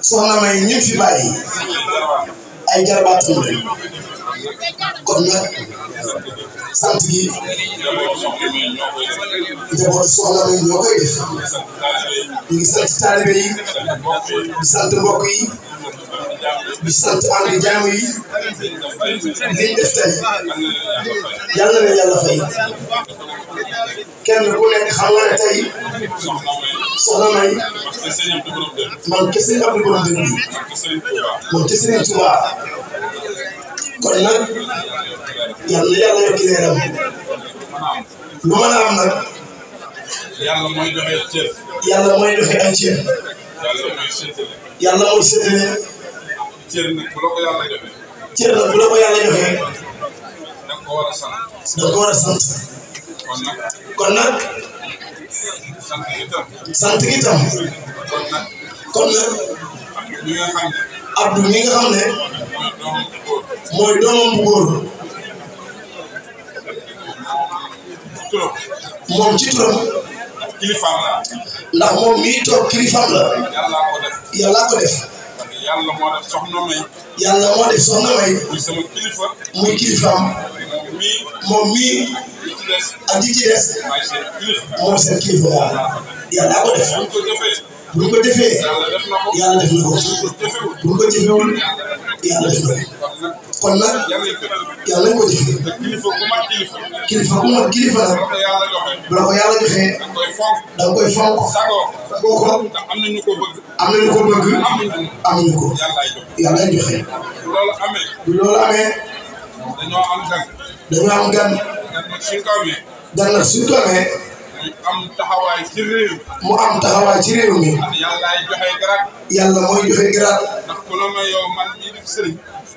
soxna may ñu fi ay jarbaatam lañ sant gi njaboot soxna may ñoo koy def ngi sant taalibe yi sant mbokk yi di sant ànd jaamu yi liñ def tey yàlla na yàlla fay kenn ku nekk xam tey soxna May. moom kese yi am na borom dënnu. moom kon nag yal na yàlla lu mën a am nag. mooy joxe cër. yàlla mooy mooy séddale. cër nag bu la ko joxe. cër a sant. kon nag. sant gi tam kon nag Abdou mi nga xam ne mooy doomam bu góor moom ci turam kilifaam la ndax la ko def yàlla moo def soxna may. yàlla moo def soxna may. moom mii. ak di ci des. mooy seen kilifa waaw. yàlla ko def. bu ñu ko defee. yàlla kon yàlla nañ ko jëfe kilifa ku kilifa nag la ko yàlla joxee da nga koy fonk sagoo ko am nañu ko bëgg amuñu ko yàlla ay joxe bu loolu amee dañoo am ko amee am taxawaay ci réew mu am taxawaay ci mi yàlla ay joxe garaat yàlla mooy joxe garaat ndax ku la ma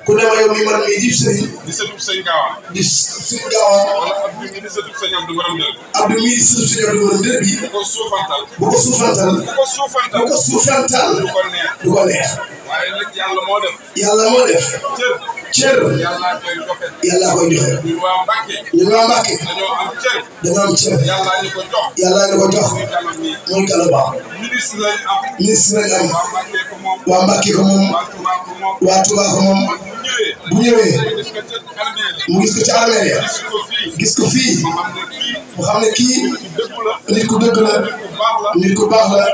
ku ne ma yow mii man mii di sëriñ. di sëtub sëñ Gaawaan. di sëñ Gaawaan. wala Abdou mii di sëtub sëñ Abdou Borom Dër. Abdou mii di sëtub sëñ Abdou Borom Dër bi. bu ko suufantal. bu ko suufantal. bu ko suufantal. bu ko suufantal. du ko neex du ko neex. waaye nag yàlla moo def. yàlla moo def. cër. cër. yàllaa koy joxe. yàllaa koy joxe. ñun waa Mbàkke. ñun waa Mbàkke. dañoo am cër. dañoo am cër. yàllaa ñu ko jox. yàllaa ñu ko jox. muy kàlla baax. ministre lañ am. ministre lañ am. waa Mbàkke ko moom. waa Touba ko moom. waa Touba ko moom. bu ñëwee mu gis ko ya gis ko fii mu xam ne kii nit ku dëgg la nit ku baax la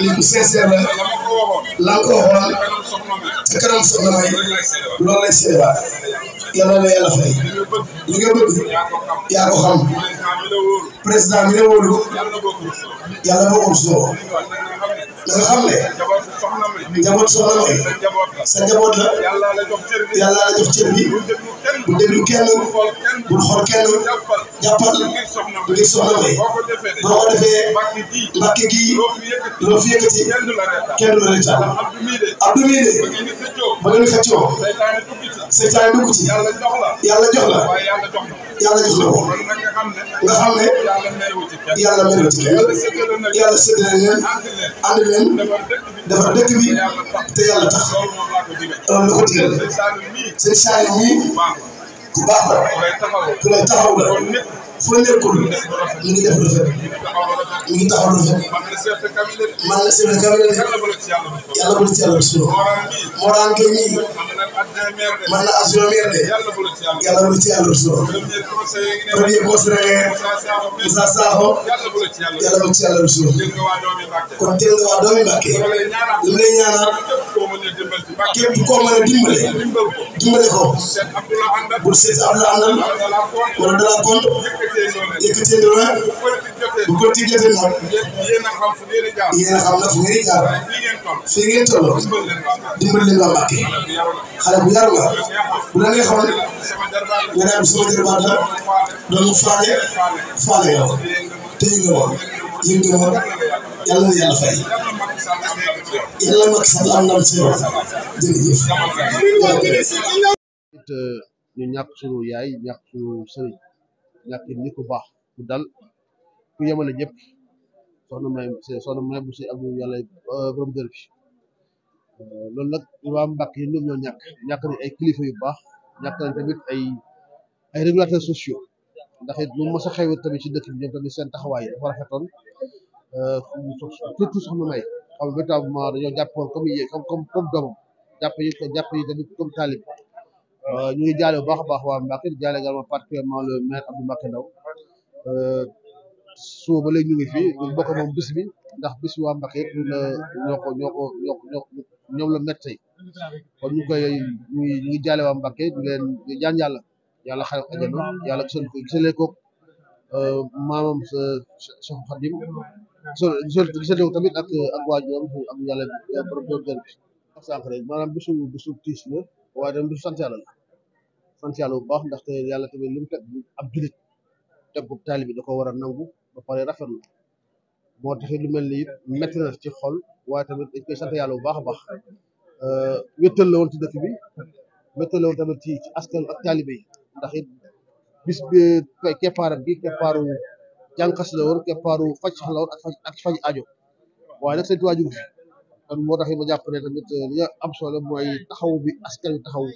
nit ku sincère la laa ko waxoon te kanam soxna may loolu lay seebaat yàlla na yàlla fay li nga bëgg yaa ko xam président mi ne wóolu yàlla bokkul soo da nga xam ne njaboot soxna May sa njaboot la yàllaa la jox cër bi bu déglu kenn bul xool kenn jàppal ngir soxna May boo ko defee mbàkke gi loo fi yëkkati kenn du la retaan Abdou mii de ba ngeen xëccoo seytaane dugg ci yàlla jox la yàlla jox la ko nga xam ne yàlla merewu ci leen yàlla séddale leen ànd leen defar dëkk bi te yàlla tax loolu la ko digal seen saali mii ku baax la ku lay taxaw la foo nekkul mi ngi def rafet mi ngi taxaw rafet man la chef de cabinet yàlla bu la ci yàlla bisimilah Morane Gueye mii man la adjoint maire de yàlla bu la ci yàlla bisimilah premier conseiller Moussa Sakho yàlla bu la ci yàlla bisimilah kon teel nga doomi Mbàkke li mu lay ñaanal képp koo mën a dimbale dimbale ko bu seet Abdoulaye Andal wala Dala Compte. yëkkatee ne la bu ko tijjatee nag yéen a xam nag fu ngeen jaar fii ngeen toll dimbali leen waa Mbàkke xale bu yar la bu la neexoon nga daal sama jarbaat la doon faale faale yow te yëngu woon yëngu woon yàlla na yàlla fay yàlla Macky Sall am ndam ci yow jërëjëf. ñu ñàkk suñu yaay ñàkk suñu sëriñ. lakin ni ku baax bu dal ku yemale ñëpp soxna may soxna may bu si abdu yàlla euh, borom dër bi euh, loolu nag waa Mbàkke yi ñoom ñoo ñàkk ñàkk nañ ay kilifa yu baax ñàkk nañ tamit ay ay régulateurs sociaux ndax it lu mos a xewit tamit ci dëkk bi ñoom tamit seen taxawaay dafa rafetoon euh, surtout soxna may xam dañoo jàppoon comme comme comme doomam jàpp yi jàpp yi tamit comme taalib Euh, ñu ngi jaale bu baax baax waa Mbacké di jaale également particulièrement le maire Abdou Mbacké Ndao euh, suba ba léegi ñu ngi fi ñu bokk moom bis bi ndax bis waa Mbacké yëpp la ñoo ko ñoo ko ñoo ñoo ñoom la métti kon ñu koy ñu ngi ñu ngi jaale waa Mbacké di leen di jaan yàlla yàlla xare ko yàlla gisal ko gisalee ko euh, maamam sa Cheikh Khadim gisal gisal ko tamit ak ak waajuram ak yàlla borom doon gën bi sànq rek bisu bisu tiis la waaye tamit bisu sant sant yàlla bu baax ndaxte yàlla tamit lu mu teg ab julit teg bu taalibi da ko war a nangu ba pare rafetlu moo taxit lu mel ni it na ci xol waaye tamit dañ koy bu baax baax euh, wéttal la ci dëkk bi wéttal la woon tamit ci ci askan ndax it bi euh, keppaaram bi keppaaru jànkas la woon keppaaru faj soxla woon ak faj ak faj aajo waaye nag seen tuwaajur fi kon moo taxit ma jàpp ne tamit euh, li am solo mooy taxaw bi askan taxaw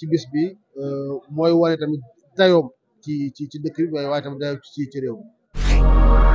ci bis bi euh, mooy wane tamit dayoom ci ci ci dëkk bi waaye tamit dayoom ci ci réew